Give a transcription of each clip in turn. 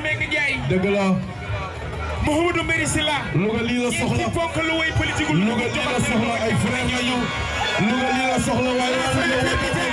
Mbengue Ndiaye. dëgg la. Mouhamadou Mbéri lii la soxla ngeen ci fonk lu soxla ay frères la ñu. lii la soxla waaye.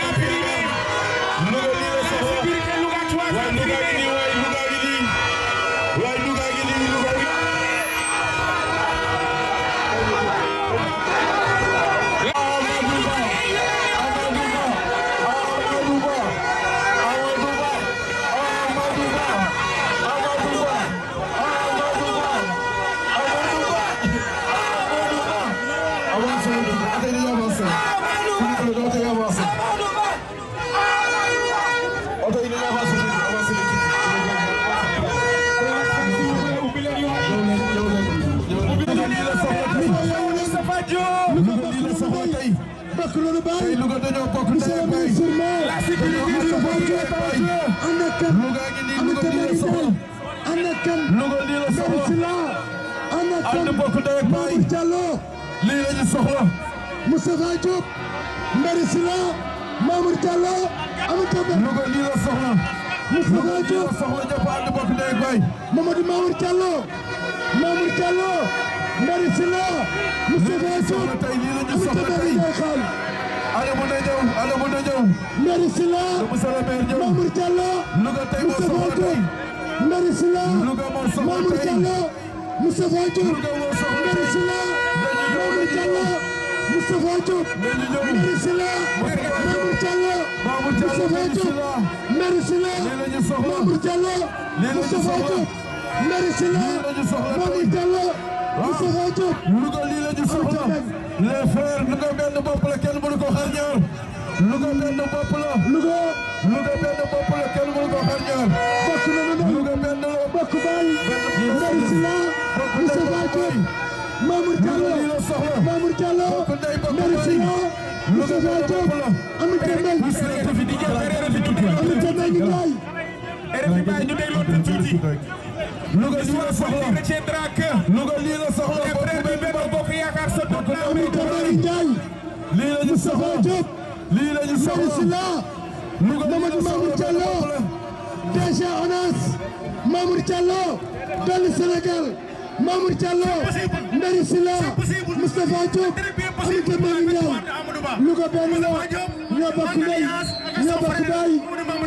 Moustapha Diop Mbari Sila Mamour Diallo Aminata Mbengue Louga lii la soxla Moustapha Diop soxla jàpp ànd bopp day goy Mamadou Mamour Diallo Mamour Diallo Mbari Sila Moustapha Diop Aminata Mbengue day xaal ale bu Moustapha Diop maire Sylla Mamour Diallo Moustapha Diop maire Sylla Mamour Diallo Moustapha Diop maire Sylla Mamour Diallo ah. Moustapha Diop Louga lii la ñu soxla les frères Louga benn bopp la kenn mënu ko xar ñaar Louga benn bopp la Louga Louga benn bopp la kenn mënu ko xar ñaar bokk na Louga benn la bokk baay maire Sylla Moustapha Diop Mamour Diallo Mamour Diallo Mbéri Sine Moustapha Diop Amadou Dembel Amadou Dembel ñu jaay RFI ñu dégloo te tuuti Louga lii la soxla Louga lii la soxla bokk yaakaar sa toog naa Amadou Dembel Ndiaye lii la ñu soxla Diop lii la ñu soxla Mbéri Sine Louga Mamadou Mamour Diallo DG ONAS Mamour Diallo dellu Sénégal ma Diallo Ndari Silla Moustapha Diop Aminata Mbengue a Louga benn la ñoo bokk ndey ñoo bokk baay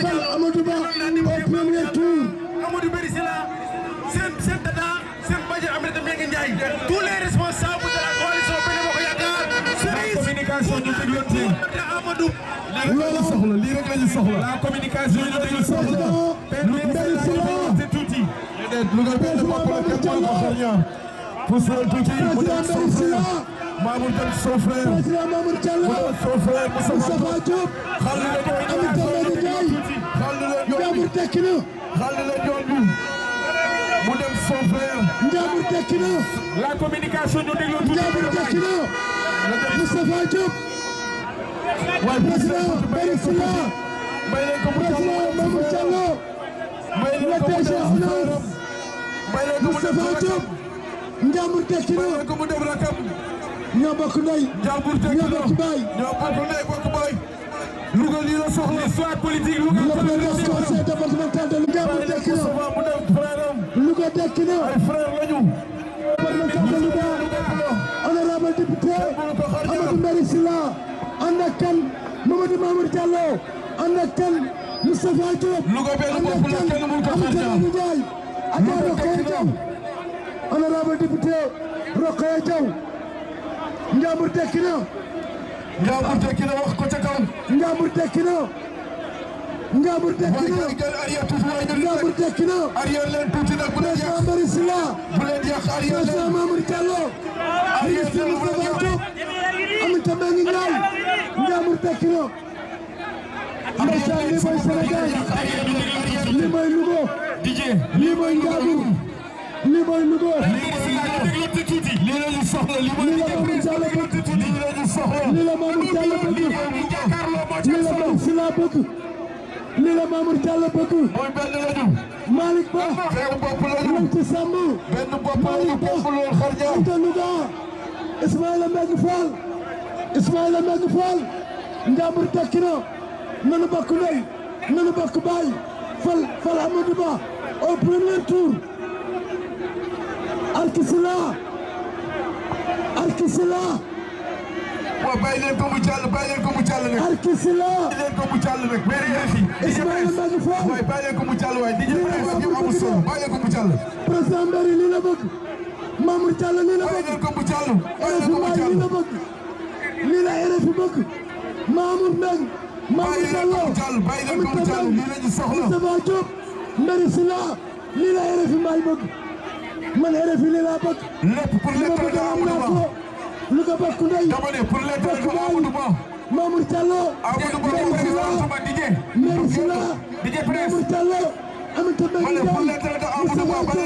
fal Amadou Ba au premier a Amadou Bari Silla seen seen a seen bàjjen Aminata Mbengue Ndiaye tous les responsables de la coalition Benno Bokk Yaakaar la déedéet Louga benn bopp la kenn mën ko xar ñaar Pousseur tuuti mu dem son frère Mamour dem son frère mu dem son frère Moustapha Diop xal la ko amit tamit gay xal la Ndiambour tekki na xal la yoon bi mu dem son frère Ndiambour tekki na la communication ñu déglu tuuti Ndiambour tekki na Moustapha Diop waaye président Bari Sila may leen ko mu Mamour Diallo may leen ko mu Moustapha Diop Njambur tekki na ñoo bokk ndey ñoo bokk baay Louga lii la soxla histoire politique Louga le conseil départemental de Louga Njambur tekki na Louga tekki na ay frère lañu départemental de Louga honorable député Amadou Mbéri Sylla ànd ak kan Mamadou Mamour Diallo ànd Adja Rokhaya Diaw honorable député Rokhaya Diaw Njambur tekki na Njambur tekki na wax ko ca kaw Njambur tekki na Njambur tekki na Njambur tekki na arrière leen tuuti nag bu leen yàq président Marie Sylla bu leen yàq arrière leen président Mamour Diallo ministre Moustapha Diop Aminata Mbengue Ndiaye Njambur tekki na ndeysaan li mooy Sénégal li mooy Louga Didier lii mooy Njaagur lii mooy Louga lii la ñu soxla lii mooy lii la Mamour Diallo bëgg lii la Mamour Sylla bëgg lii la Mamour Diallo bëgg mooy benn lañu Malick Ba benn bopp lañu lañ ci sàmm benn bopp lañu bopp lool xarja Anta Louga Ismaïla Mbengue Fall Ismaïla Mbengue Fall Njaagur tekki na nanu bokk ndey nanu bokk baay fal fal Amadou Ba au premier tour arki si laa arki si laa. waaw bàyyi leen ko mu jàll bàyyi leen ko mu jàll nag. arki si laa bàyyi leen ko mu jàll nag. Ismaïla Madior Fall waay bàyyi leen ko mu jàll waay. bëgg Mamour Diallo lii bëgg. bàyyi leen ko mu jàll. bàyyi leen Mamadou Diallo Amit Ba Moustapha Diop Mbéri Sylla lii la RFI may bëgg man RFI lii laa bëgg. lépp pour l'état de Amadou Ba lu ko bokk ndey. dama ne pour l'état de Amadou Ba. Mamadou Diallo Mbéri Sylla Mbéri Sylla Mamadou Diallo Amit Ba Mbéri Diallo Moustapha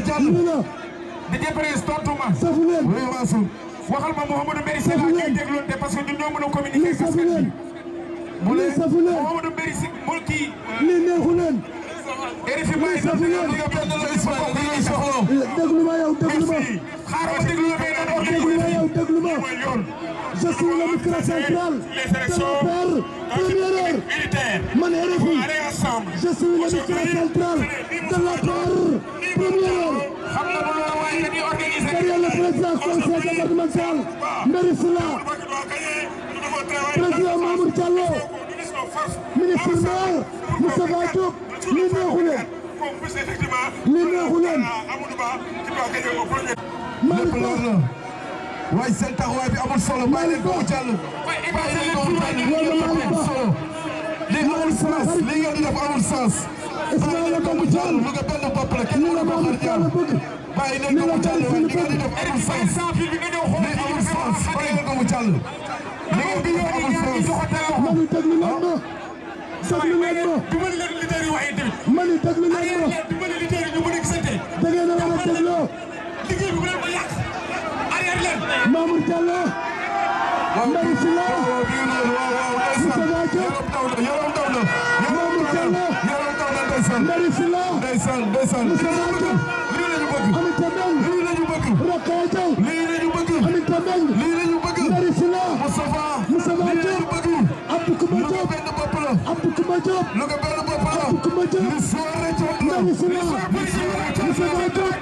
Diop lii la. DJ Prince tontuma. safu leen ma Mouhamadou Mbéri Sylla ngay dégloon te parce que ñun ñoo mën a bu leen safu leen Mamadou Bari si bu kii. lii neexu leen. lii safu leen. déglu ma yow déglu ma. déglu ma yow déglu ma. je suis le micro central. de l'APR première heure. man RFI. je suis le micro central. de l'APR première heure. derrière le président conseil départemental. Mbéri Sylla. président Mamour Diallo ministre maire Moustapha Diop lii neexu leen lii neexu leen Malick Ba waaye seen taxawaay bi amul solo Malick Ba lii ngeen di def amul sens Ismaïla Madior Diallo lu nga benn bopp la kenn la Mamour Diallo bëgg bàyyi leen ko mu jàll li ngeen di def amul sens lii amul sens bàyyi leen ko mu jàll mani déglu leen ma déglu leen ma mani déglu leen ma da ngeen a war a dégloo Mamour Diallo Mbaye Sylla Moustapha Diop Mamour Diallo Mbaye Sylla Moustapha Diop Aminata Mbengue Rokhaya Diaw Aminata Mbengue Louga benn bopp la. Abdou Koumba Diop. Louga benn bopp la. Abdou Koumba Diop. li sooree ca. li sooree ca.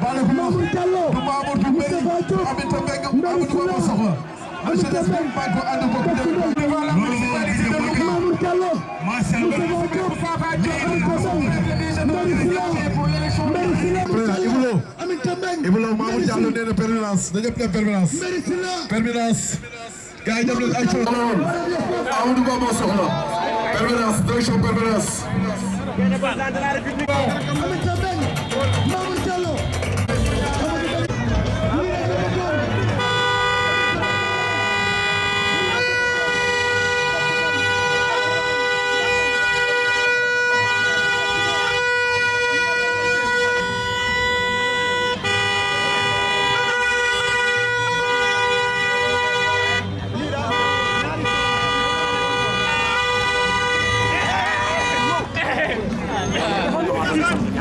Baalou Mamour Diallo du Mamour du Mbéy Aminata Mbengue Amadou Mamour Soxla la jeunesse bi maa ko ànd ko devant la municipalité de Louga Mamour Diallo Moustapha Diop Jokalante Sow pour l'élection président Ibou Lo Aminata Mbengue Ibou Lo Mamour Diallo nee na permanence dañu def permanence permanence gars yi def leen action Amadou Mamour Soxla permanence direction permanence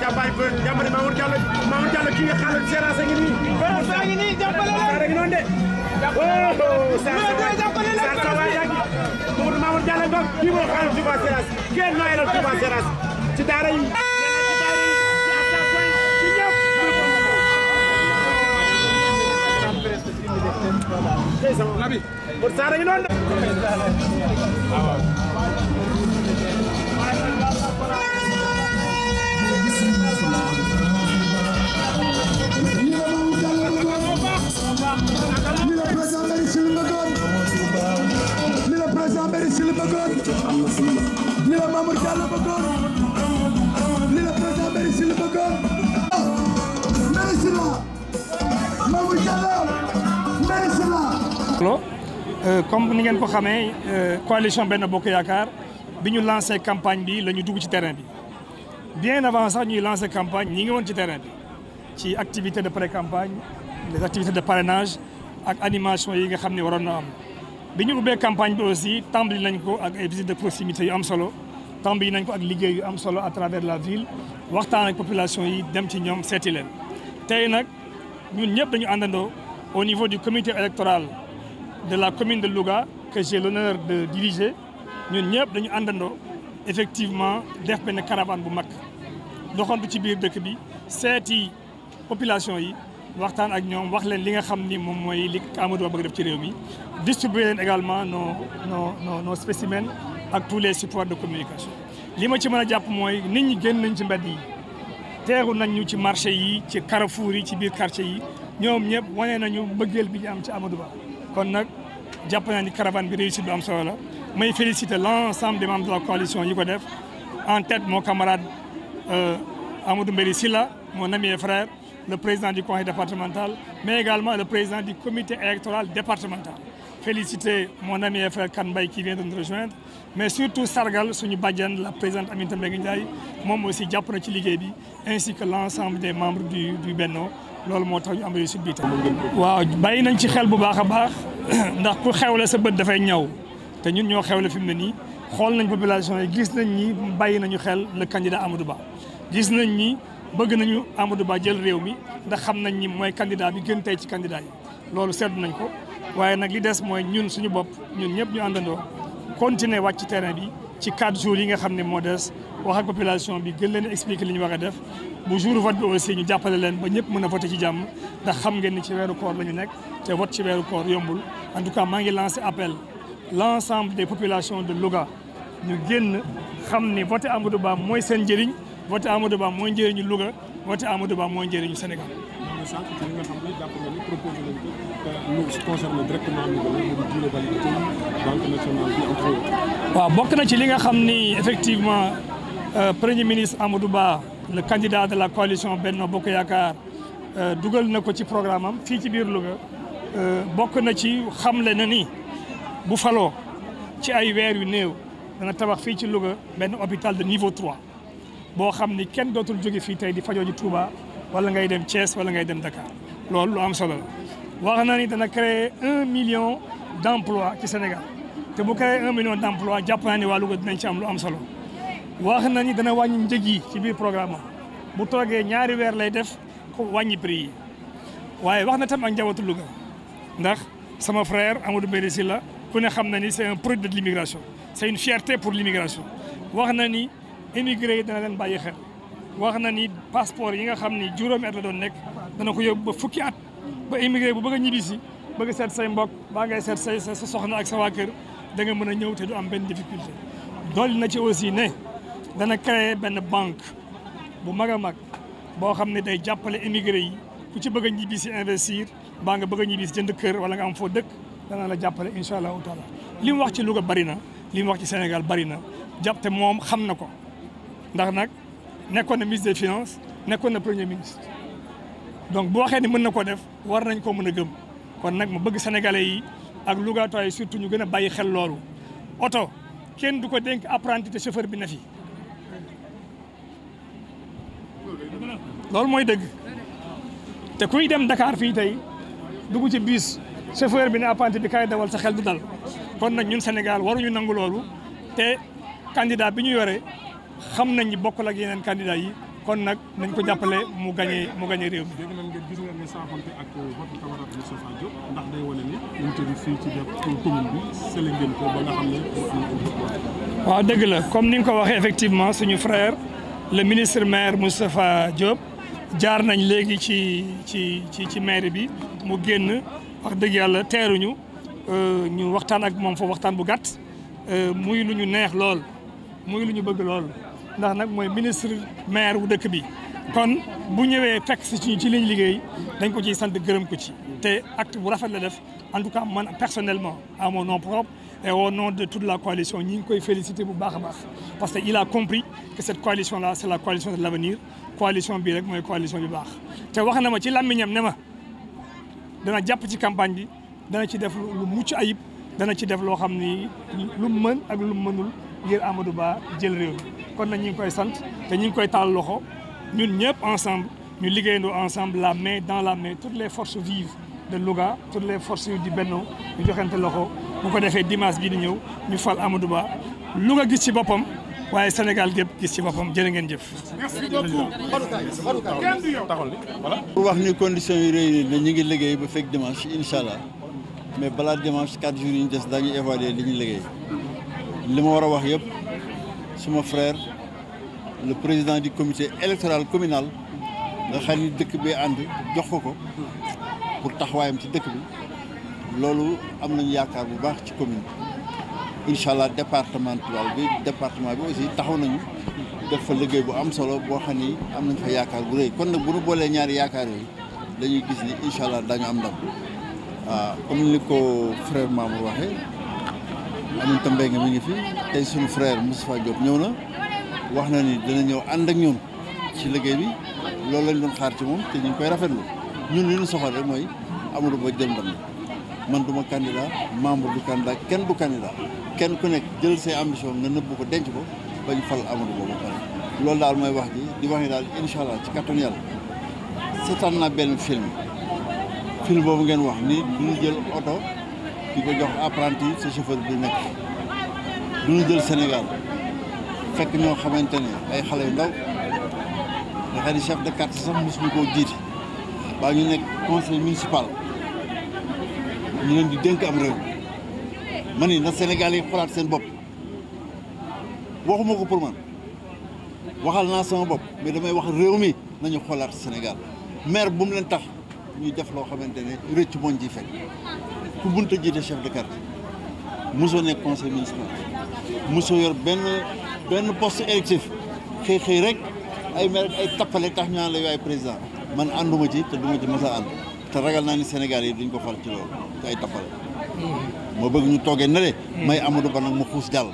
jàppaay ba jàmbale Mamour Diallo Mamour Diallo kii nga xam ne séerase ngi nii. waaw saa ngi nii jàppale leen saa rek noonu de. jàppale leen saa sa waay yàgg Mamour Mamour Diallo nga kii moo xam Touba Seras kenn nooyalal Touba Seras ci daara yi. Labi. Pour saa rek noonu de. Ah, li bëggoon li la Mamour Diallo li la président Mbéri Sylla bëggoon Mbéri Sylla Mamour Diallo Mbéri Sylla euh, comme ni ngeen ko xamee euh, coalition benn Bokk Yaakaar bi ñu lancé campagne bi la ñu dugg ci terrain bi bien avant sax ñuy lancé campagne ñi ngi woon ci terrain bi ci activité de pré-campagne les activités de parrainage ak animation yi nga xam ne waroon na am bi ñu ubbee campagne bi aussi tàmbali nañ ko ak ay visites de proximité yu am solo tàmbali nañ ko ak liggéey yu am solo à travers la ville waxtaan ak population yi dem ci ñoom seeti leen. tey nag ñun ñëpp dañu àndandoo au niveau du comité électoral de la commune de Louga que j'ai l'honneur de diriger ñun ñëpp dañu àndandoo effectivement def benn caravane bu mag doxantu ci biir dëkk bi seeti population yi. waxtaan ak ñoom wax leen li nga xam ni moom mooy li Amadou Ba bëgg def ci réew mi distribuer leen également nos nos nos ak tous les supports de communication. li ma ci mën a jàpp mooy nit ñi génn nañ ci mbedd yi teeru nañ ñu ci marché yi ci carrefour yi ci biir quartier yi ñoom ñëpp wane nañu mbëggeel bi ñu am ci Amadou Ba kon nag jàpp naa ni caravane bi réussite bu am solo la may féliciter l'ensemble des membres de la coalition yi ko def en tête mon camarade euh, Amadou Mbéri Silla mon le président du conseil départemental, mais également le président du comité électoral départemental. Féliciter mon ami et frère Kanbay qui vient de nous rejoindre, mais surtout Sargal suñu Badian, la présidente Aminata Mbengue moom aussi jàpp na ci liggéey bi ainsi que l'ensemble des membres du du Benno loolu moo tax ñu am réussite bi tam. waaw bàyyi nañ ci xel bu baax a baax ndax ku xew la sa bët dafay ñaw te ñun ñoo xewle fi mu ne nii xool nañ population yi gis nañ ni bàyyi nañu xel le candidat Amadou Ba gis nañ ni. bëgg nañu Amadou Ba jël réew mi ndax xam nañ ni mooy candidat bi gën tey ci candidat yi loolu sedd nañ ko waaye nag li des mooy ñun suñu bopp ñun ñëpp ñu àndandoo continuer wàcc ci terrain bi ci quatre jours yi nga xam ne moo des wax ak population bi gën leen expliquer li ñu war a def bu jour vote bi aussi ñu jàppale leen ba ñëpp mën a voter ci jàmm ndax xam ngeen ni ci weeru koor la ñu nekk te vote ci weeru koor yombul en tout cas maa ngi lancé appel l'ensemble des populations de Louga ñu génn xam ni voter Amadou Ba mooy seen njëriñ vote Amadou Ba mooy njëriñu Louga vote Amadou mooy njëriñu Sénégal. Euh, waaw bokk na ci li nga xam ni effectivement euh, premier ministre Amadou Ba le candidat de la coalition benn Bokk Yaakaar euh, dugal na ko ci programme am fii ci biir Louga bokk na ci xamle na ni bu faloo ci ay weer yu néew dana tabax fii ci Louga benn hôpital de niveau 3. boo xam ni kenn dootul jóge fii tey di fajoo ji Touba wala ngay dem Thiès wala ngay dem Dakar loolu lu am solo la wax na ni dana créer un million demplois ci Sénégal te bu créer un million d' emploi jàpp naa ni waa Louga dinañ ci am lu am solo wax na ni dana wàññi njëg yi ci biir programme bu toogee ñaari weer lay def ko wàññi prix yi waaye wax na tam ak njabootu Louga ndax sama frère Amadou Mbéri Sylla ku ne xam na ni c' est un produit de l' immigration c' une fierté pour l' wax na émigré yi dana leen bàyyi xel wax na ni passeport yi nga xam ni juróomi at la doon nekk dana ko yow ba fukki at ba émigré bu bëgg a ñibbisi bëgg a seet say mbokk baa ngay seet say sa soxna ak sa waa kër da nga mën a ñëw te du am benn difficulté dolli na ci aussi ne dana créer benn banque bu mag a mag boo xam ne day jàppale émigré yi ku ci bëgg a ñibbisi investir baa nga bëgg a ñibbisi jënd kër wala nga am foo dëkk dana la jàppale incha allahu taala li wax ci Louga bari na li mu wax ci Sénégal bari na jàpp moom xam na ko ndax nag nekkoon na ministre des finances nekkoon na premier ministre donc bu waxee ni mën na koo def war nañ koo mën a gëm kon nag mu bëgg sénégalais yi ak Lougatois yi surtout ñu gën a bàyyi xel loolu oto kenn du ko dénk apprenti te chauffeur bi na fi loolu mooy dëgg te kuy dem Dakar fii tey dugg ci bus chauffeur bi na apprenti bi kaay dawal sa xel du dal kon nag ñun Sénégal waruñu nangu loolu te candidat bi ñu yore xam nañ bokkul ak yeneen candidat yi kon nag nañ ko jàppale mu gañe mu gañe réew mi. dégg nga ngeen ak votre camarade Moustapha Diop ndax day bi ko ba nga xam ne waaw dëgg la comme ni nga ko waxee effectivement suñu frère le ministre maire Moustapha Diop jaar nañ léegi ci ci ci ci maire bi mu génn wax dëgg yàlla teeruñu euh, ñu waxtaan ak moom foofu waxtaan bu gàtt euh, muy lu ñu neex lool muy lu ñu bëgg lool. ndax nag mooy ministre maire wu dëkk bi kon bu ñëwee fekk si ci liñ liggéey dañ ko ciy sant gërëm ko ci te acte bu rafet la def en tout cas man personnellement amoon mon nom propre et au nom de toute la coalition ñi ngi koy féliciter bu baax a baax parce que il a compris que cette coalition là c'est la coalition de l'avenir coalition bii rek mooy coalition bi baax te wax na ma ci làmmiñam ne ma dana jàpp ci campagne bi dana ci def lu mucc ayib dana ci def loo xam ni lu mën ak lu mënul ngir Amadou Ba jël réew mi kon nag ñu ngi koy sant te ñu ngi koy taal loxo ñun ñëpp ensemble ñu liggéeyandoo ensemble la main dans la main toutes les forces vives de Louga toutes les forces du Benno ñu joxante loxo bu ko defee dimanche bii di ñëw ñu fal Amadou Ba Louga gis ci boppam waaye Sénégal gépp gis ci boppam jërë ngeen jëf. merci beaucoup pour wax ni conditions yi réunir na ñu ngi liggéey ba fekk dimanche incha allah mais balaa dimanche quatre jours yi ñu des daañu évaluer li ñu liggéey. li ma war a wax yëpp suma frère le président du comité électoral communal nga xam ni dëkk bee ànd jox ko ko pour taxawaayam ci dëkk bi loolu am nañu yaakaar bu baax ci commune bi incha allah départemental bi département bi aussi taxaw nañu def fa liggéey bu am solo boo xam ni am nañ fa yaakaar bu rëy kon nag bu nu boolee ñaari yaakaar yooyu dañuy gis ni incha allah dañu am ndam waaw ah, comme ni ko frère Mamour waxee Aminata Mbengue mu ngi fi tey suñu frère Moustapha Diop ñëw na wax na ni dina ñëw ànd ak ñoom ci liggéey bi loolu lañ doon xaar ci moom te ñu koy rafetlu ñun li ñu soxal rek mooy Amadou Ba jël ndam man du ma candidat membre du candidat kenn du candidat kenn ku nekk jël say ambition nga nëbb ko denc ko bañ fal Amadou Ba ba pare loolu daal mooy wax ji di wax ni daal incha allah ci kattanu yàlla seetaan naa benn film film boobu ngeen wax ni duñu di ko jox apprenti sa chauffeur bi nekk du ñu jël Sénégal fekk ñoo xamante ne ay xale yu ndaw nga xam ne chef de quartier sax mosuñu koo jiit baa ñu nekk conseil municipal ñu leen di dénk am réew ma ni na Sénégal yi xoolaat seen bopp waxuma ko pour man waxal naa sama bopp mais damay wax réew mi nañu xoolaat Sénégal maire bu mu leen tax ñuy def loo xamante ne rëcc moon ji fekk ku bunta jiite chef de quartier mosoo nekk conseil municipal mosoo yor benn benn poste électif xëy xëy rek ay maire ay tappale tax ñu naan la yaay président man ànduma ci te duma ci mës a ànd te ragal naa ni Sénégal yi duñ ko xool ci loolu te ay tappale mm-hmm. moo bëgg ñu toogee na le mm-hmm. may Amadou Ba nag mu xuus jàll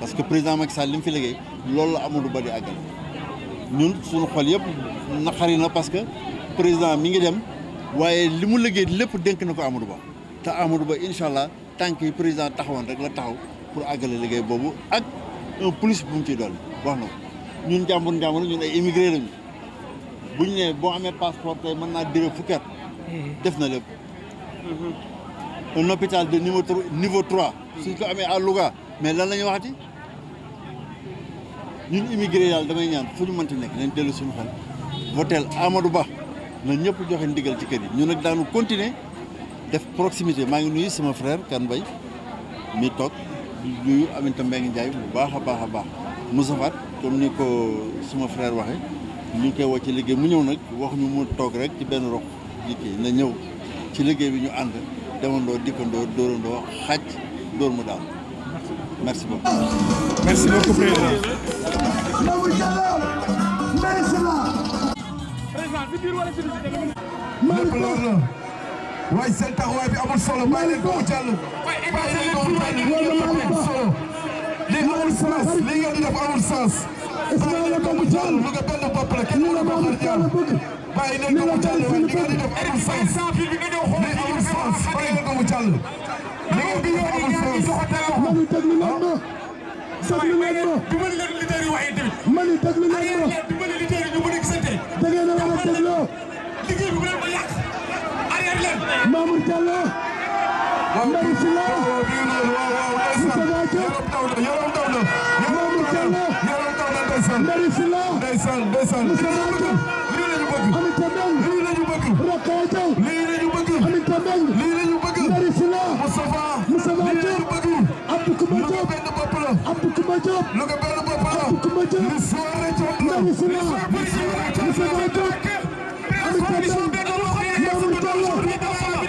parce que président Macky Sall lim fi liggéey loolu la Amadou Ba di àggal ñun suñu xool yëpp naqari na parce que président mi ngi dem waaye li mu liggéey lépp denk na ko Amadou Ba te Amadou Ba incha allah tànk yi président taxawoon rek la taxaw pour àggale liggéey boobu ak un plus bu mu ciy dolli wax na ko ñun jàmbur njàmbur ñun ay immigré lañu bu ñu boo amee passeport tey mën naa dire fukki def na lépp. Mhm. un hôpital de niveau niveau trois. suñ ko amee à Louga mais lan la ñuy waxati ñun immigré yàlla damay ñaan fu ñu mënti nekk nañ dellu suñu xel votel Amadou Ba. la ñëpp joxe ndigal ci kër yi ñu nag daanu continuer def proximité maa ngi nuyu sama frère Kane bay mi toog nuyu Aminata Mbengue Ndiaye bu baax a baax a baax Moussa Fat comme ni ko suma frère waxee ñu ngi koy woo ci liggéey mu ñëw nag waxuñu mu toog rek ci benn rox liggéey na ñëw ci liggéey bi ñu ànd demandoo dikkandoo dóorandoo xaj dóor mu daal merci beaucoup. lépp leer na waaye seen taxawaay bi amul solo bàyyi leen ko mu jàll bàyyi leen ko mu jàll lii amul solo lii amul sens lii ngeen di def amul sens bàyyi leen ko mu jàll lu nga benn bopp la kenn mënu ko xar ñaar bàyyi leen ko mu jàll li ngeen di def amul sens lii amul sens bàyyi leen ko mu jàll li ngeen di def amul sens Mali déglu leen ma Mali déglu leen ma da ngeen a war a dégloo. liggéey bi bu leen ko yàq. arrière leen. Mamour Diallo. Mbaye Sylla. Moustapha Diop. yaram taw na. Mamour Diallo. yaram taw na ndeysaan. Mbaye Sylla. ndeysaan ndeysaan. Moustapha Diop. lii la ñu bëgg. Aminata Mbengue. lii la ñu bëgg. Rokhaya Diaw. lii la ñu bëgg. Aminata Mbengue. lii la ñu bëgg. Mbaye Sylla. Moustapha. Moustapha Diop. Abdou Coumba Diop benn bopp la Abdou Coumba Diop Louga benn bopp la Abdou Coumba Diop li soore Diop la ndaw si la li soore Diop Aliou Tata Mamour Diallo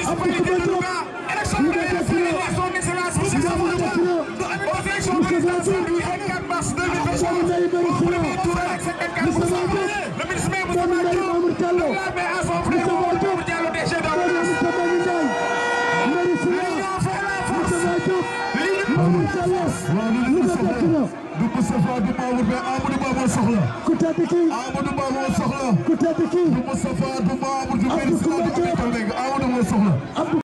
Abdou Coumba Diop Louga Tafira Ndiamou Tafira Moussa Zazou Abdou Ndiaye Mamour Diallo Moussa Zazou Abdou Ndiaye Mamour Diallo Amadou Ba moo soxla. ku tedd ki Amadou Ba moo soxla. ku tedd ki du Moustapha du Mamour du Abdou Koumba Diop Amadou moo soxla.